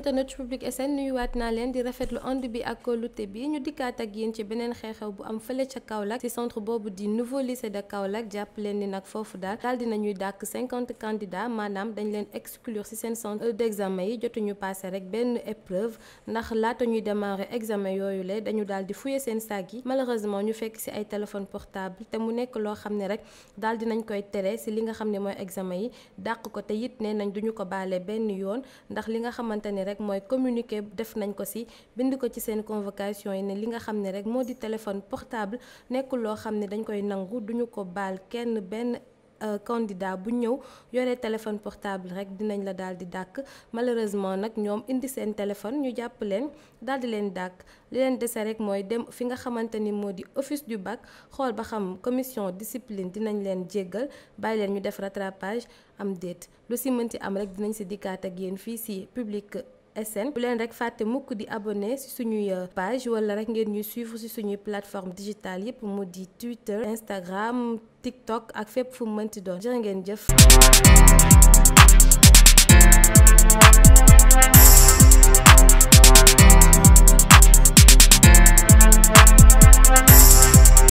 internet public SN nuyuwaat naa leen di rafetlu ànd bi ak kóolute bi ñu dikkaat ak yéen ci beneen xew-xew bu am fële ca ci centre boobu di nouveau lycée de Kaolack jàpp leen ni nag foofu daal daal dinañuy dàkk cinquante candidats maanaam dañ leen exclure ci seen centre euh, d'examen yi jotuñu passé rek benn épreuve ndax laata ñuy démarrer examen yooyu le dañu daal di fouiller seen saag yi malheureusement ñu fekk ci ay téléphone portable te mu nekk loo xam ne rek daal dinañ koy tere ci li nga xam ne mooy examen yi dàq ko te it nee nañ duñu ko baale benn yoon rek mooy communiqué def nañ ko si bind ci seen convocation yi ne li nga xam ne rek moo téléphone portable nekkul loo xam ne dañ koy nangu duñu ko baal kenn benn euh, candidat bu ñëw yore téléphone portable rek dinañ la daal di malheureusement nag ñoom indi seen téléphone ñu jàpp leen daal di leen dàkk li leen dese rek mooy dem fi nga xamante ni office du bac xool ba xam commission discipline dinañ leen jéggal bàyyi leen ñu def rattrapage am déet lu si mënti am rek dinañ si dikkaat ak yéen fii si public sn bu leen rek faté mukk di abonné ci suñuy euh, page wala rek ngeen ñu suivre ci suñuy plateforme digitale yépp mu di Twitter Instagram TikTok ak fépp fu mënti doon jërë ngeen jëf